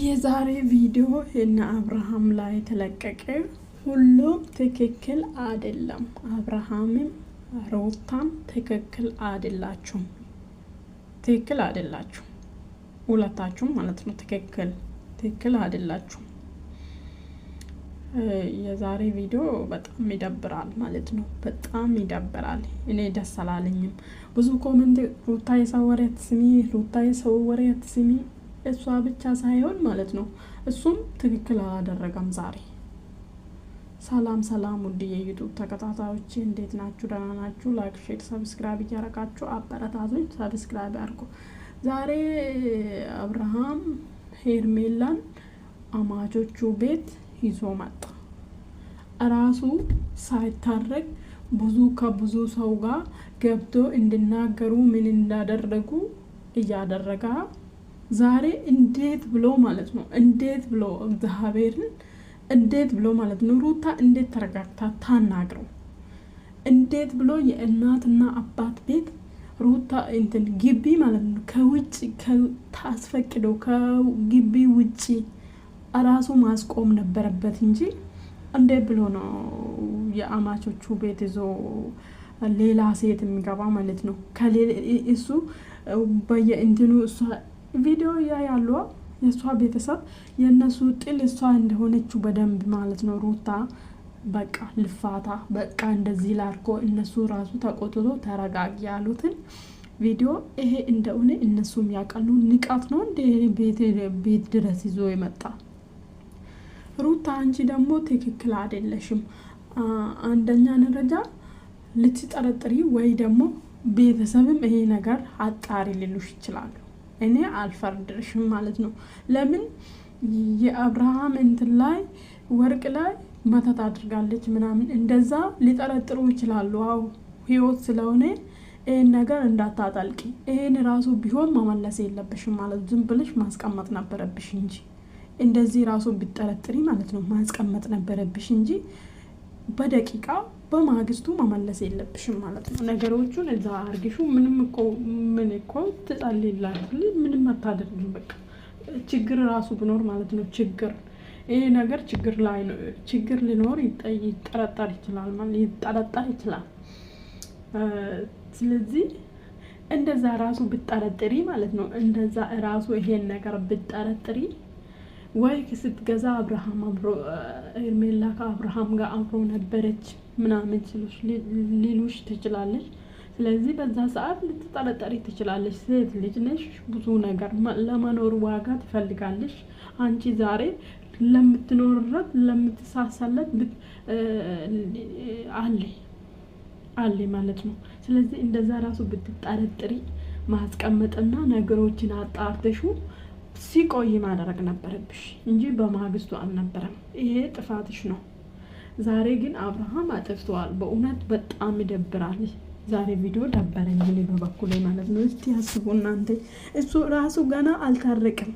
የዛሬ ቪዲዮ የነ አብርሃም ላይ ተለቀቀ። ሁሉም ትክክል አይደለም። አብርሃምም ሮታም ትክክል አይደላችሁም፣ ትክክል አይደላችሁ ሁለታችሁም ማለት ነው። ትክክል ትክክል አይደላችሁም። የዛሬ ቪዲዮ በጣም ይደብራል ማለት ነው። በጣም ይደብራል። እኔ ደስ አላለኝም። ብዙ ኮመንት ሩታ የሰው ወሬ አትስሚ፣ ሩታ የሰው ወሬ አትስሚ እሷ ብቻ ሳይሆን ማለት ነው እሱም ትክክል አላደረገም። ዛሬ ሰላም ሰላም፣ ውድ የዩቱብ ተከታታዮች እንዴት ናችሁ? ደህና ናችሁ? ላይክ፣ ሼር፣ ሰብስክራይብ እያረጋችሁ አበረታቶች ሰብስክራይብ አድርጉ። ዛሬ አብርሃም ሄርሜላን አማቾቹ ቤት ይዞ መጣ። እራሱ ሳይታረግ ብዙ ከብዙ ሰው ጋር ገብቶ እንድናገሩ ምን እንዳደረጉ እያደረጋ ዛሬ እንዴት ብሎ ማለት ነው እንዴት ብሎ እግዚአብሔርን እንዴት ብሎ ማለት ነው ሩታ እንዴት ተረጋግታ ታናግረው? እንዴት ብሎ የእናትና አባት ቤት ሩታ እንትን ግቢ ማለት ነው ከውጭ ታስፈቅደው ከግቢ ውጭ ራሱ ማስቆም ነበረበት እንጂ እንዴት ብሎ ነው የአማቾቹ ቤት ይዞ ሌላ ሴት የሚገባ ማለት ነው። እሱ በየእንትኑ ቪዲዮ ያ ያሉ የእሷ ቤተሰብ የእነሱ ጥል እሷ እንደሆነችው በደንብ ማለት ነው። ሩታ በቃ ልፋታ በቃ እንደዚህ ላርኮ እነሱ ራሱ ተቆጥቶ ተረጋግ ያሉትን ቪዲዮ ይሄ እንደሆነ እነሱም ያውቃሉ። ንቃት ነው እንደ ቤት ድረስ ይዞ የመጣ ሩታ፣ አንቺ ደግሞ ትክክል አይደለሽም። አንደኛ ደረጃ ልትጠረጥሪ ወይ ደግሞ ቤተሰብም ይሄ ነገር አጣሪ ሊሉሽ ይችላሉ። እኔ አልፈርድሽም ማለት ነው። ለምን የአብርሃም እንትን ላይ ወርቅ ላይ መተት አድርጋለች ምናምን እንደዛ ሊጠረጥሩ ይችላሉ። አው ህይወት ስለሆነ ይህን ነገር እንዳታጠልቂ፣ ይህን ራሱ ቢሆን መመለስ የለብሽም ማለት ዝም ብለሽ ማስቀመጥ ነበረብሽ እንጂ እንደዚህ ራሱ ቢጠረጥሪ ማለት ነው ማስቀመጥ ነበረብሽ እንጂ በደቂቃ በማግስቱ መመለስ የለብሽም ማለት ነው። ነገሮቹን እዛ አርግሹ። ምንም እኮ ምን እኮ ትጸልይላችሁ፣ ምንም አታደርግም። በቃ ችግር ራሱ ብኖር ማለት ነው ችግር ይሄ ነገር ችግር ላይ ችግር ሊኖር ይጠረጠር ይችላል ማለት ይጠረጠር ይችላል። ስለዚህ እንደዛ ራሱ ብጠረጥሪ ማለት ነው እንደዛ ራሱ ይሄን ነገር ብጠረጥሪ ወይ ስትገዛ አብርሃም አብሮ ኤርሜላ ከአብርሃም ጋር አብሮ ነበረች ምናምን ሊሉሽ ትችላለች። ስለዚህ በዛ ሰዓት ልትጠረጠሪ ትችላለች። ሴት ልጅ ነሽ፣ ብዙ ነገር ለመኖር ዋጋ ትፈልጋለች አንቺ ዛሬ ለምትኖርበት ለምትሳሳለት አለ አለ ማለት ነው። ስለዚህ እንደዛ ራሱ ብትጠረጥሪ ማስቀመጥና ነገሮችን አጣርተሹ ሲቆይ ማድረግ ነበረብሽ እንጂ በማግስቱ አልነበረም። ይሄ ጥፋትሽ ነው። ዛሬ ግን አብርሃም አጥፍተዋል። በእውነት በጣም ይደብራል። ዛሬ ቪዲዮ ደበረኝ፣ እኔ በበኩሌ ማለት ነው። እስቲ ያስቡ እናንተ። እሱ ራሱ ገና አልታረቅም።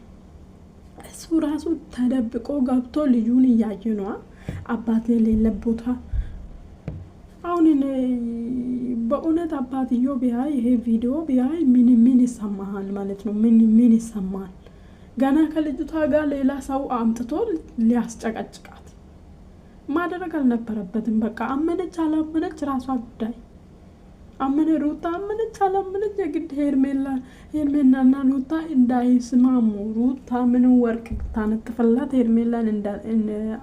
እሱ ራሱ ተደብቆ ገብቶ ልጁን እያየ ነዋ፣ አባት የሌለ ቦታ። አሁን በእውነት አባትዮ ቢያይ ይሄ ቪዲዮ ቢያይ ምን ምን ይሰማሃል ማለት ነው? ምን ምን ይሰማል? ገና ከልጅቷ ጋር ሌላ ሰው አምጥቶ ሊያስጨቀጭቃት ማድረግ አልነበረበትም። በቃ አመነች አላመነች ራሷ ጉዳይ። አመነ ሩታ አመነች አላመነች የግድ ሄርሜላ ሄርሜላና ሩታ እንዳይስማሙ ሩታ ምንም ወርቅ ታነጥፍላት ሄርሜላን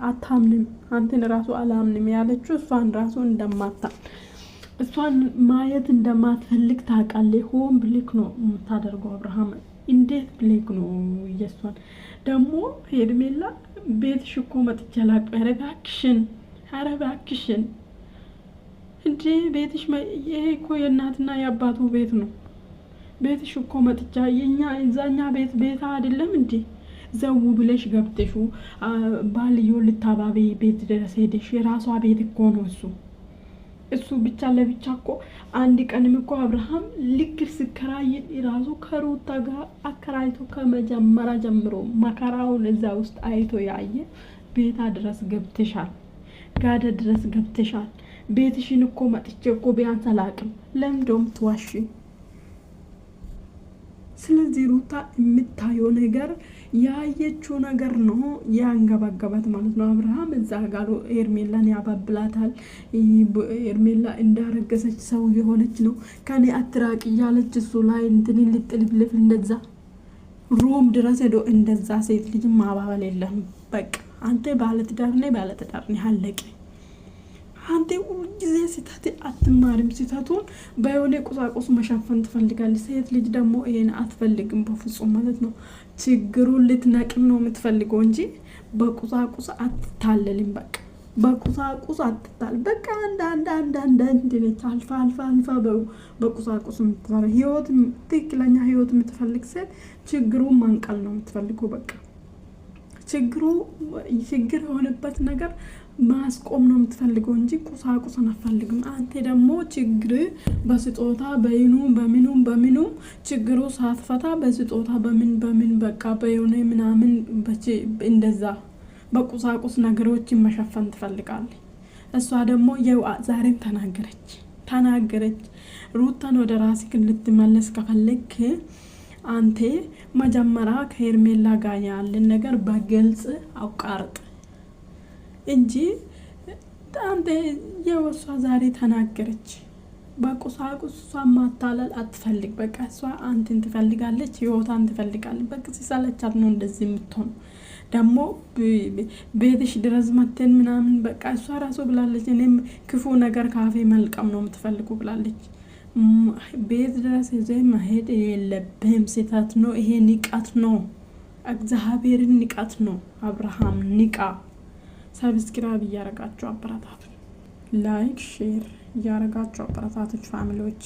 አታምንም፣ አንተን ራሱ አላምንም ያለችው እሷን ራሱ እንደማታ እሷን ማየት እንደማትፈልግ ታውቃለች። ሆን ብልክ ነው የምታደርገው አብርሃም እንዴት ብሌክ ነው እየሷን ደግሞ ሄድሜላ ቤት ሽኮ መጥቼ አላውቅም። ኧረ እባክሽን፣ ኧረ እባክሽን እንዴ ቤትሽ ይሄ እኮ የእናትና የአባቱ ቤት ነው። ቤትሽ እኮ መጥቻ የኛ እዛኛ ቤት ቤታ አይደለም እንዴ ዘው ብለሽ ገብተሹ ባልዮ ልታባቢ ቤት ድረስ ሄደሽ የራሷ ቤት እኮ ነው እሱ እሱ ብቻ ለብቻ እኮ አንድ ቀንም እኮ አብርሃም ልክ ስከራይ ራሱ ከሩታ ጋር አከራይቶ ከመጀመሪያ ጀምሮ መከራውን እዛ ውስጥ አይቶ ያየ ቤታ ድረስ ገብተሻል፣ ጋደ ድረስ ገብተሻል። ቤትሽን እኮ መጥቼ እኮ ቢያንስ አላቅም ለምዶም ትዋሽ ስለዚህ ሩታ የምታየው ነገር ያየችው ነገር ነው ያንገባገባት ማለት ነው። አብርሃም እዛ ጋሎ ኤርሜላን ያባብላታል። ኤርሜላ እንዳረገሰች ሰው የሆነች ነው ከኔ አትራቅ እያለች እሱ ላይ እንትን ልጥልፍልፍ እንደዛ ሮም ድረስ ሄዶ እንደዛ ሴት ልጅ ማባበል የለም። በቃ አንተ ባለትዳር ነህ፣ ባለትዳር አንተ ሁልጊዜ ስህተት አትማርም። ስህተቱን በየሆነ ቁሳቁስ መሸፈን ትፈልጋለች። ሴት ልጅ ደግሞ ይሄን አትፈልግም በፍጹም ማለት ነው። ችግሩን ልትነቅም ነው የምትፈልገው እንጂ በቁሳቁስ አትታለልም። በቃ በቁሳቁስ አትታል። በቃ አንዳንድ አንዳንድ አንድ አልፋ አልፋ አልፋ በቁሳቁስ የምትሰራ ህይወት፣ ትክክለኛ ህይወት የምትፈልግ ሴት ችግሩን ማንቀል ነው የምትፈልገው። በቃ ችግሩ ችግር የሆነበት ነገር ማስቆም ነው የምትፈልገው እንጂ ቁሳቁስን አትፈልግም። አንተ ደግሞ ችግር በስጦታ በይኑ በምኑ በምኑ ችግሩ ሳትፈታ በስጦታ በምን በምን በቃ በየሆነ ምናምን እንደዛ በቁሳቁስ ነገሮችን መሸፈን ትፈልጋለች። እሷ ደግሞ የው ዛሬም ተናገረች ተናገረች። ሩታን ወደ ራስህ ልትመለስ ከፈለክ አንቴ መጀመሪያ ከሄርሜላ ጋር ያለን ነገር በግልጽ አውቃርጥ እንጂ አንተ የወሷ ዛሬ ተናገረች። በቁሳቁስ እሷ ማታለል አትፈልግ። በቃ እሷ አንትን ትፈልጋለች፣ ህይወቷን ትፈልጋለች። በቃ ሲሳለቻት ነው እንደዚህ የምትሆኑ ደግሞ ቤትሽ ድረስ መተን ምናምን በቃ እሷ ራሱ ብላለች። እኔም ክፉ ነገር ካፌ መልቀም ነው የምትፈልጉ ብላለች። ቤት ድረስ ይዘ መሄድ የለብህም። ስህተት ነው ይሄ፣ ንቀት ነው። እግዚአብሔርን ንቀት ነው። አብርሃም ንቃ። ሰብስክራይብ እያረጋችሁ አበረታቱ። ላይክ ሼር እያረጋችሁ አበረታቶች ፋሚሊዎች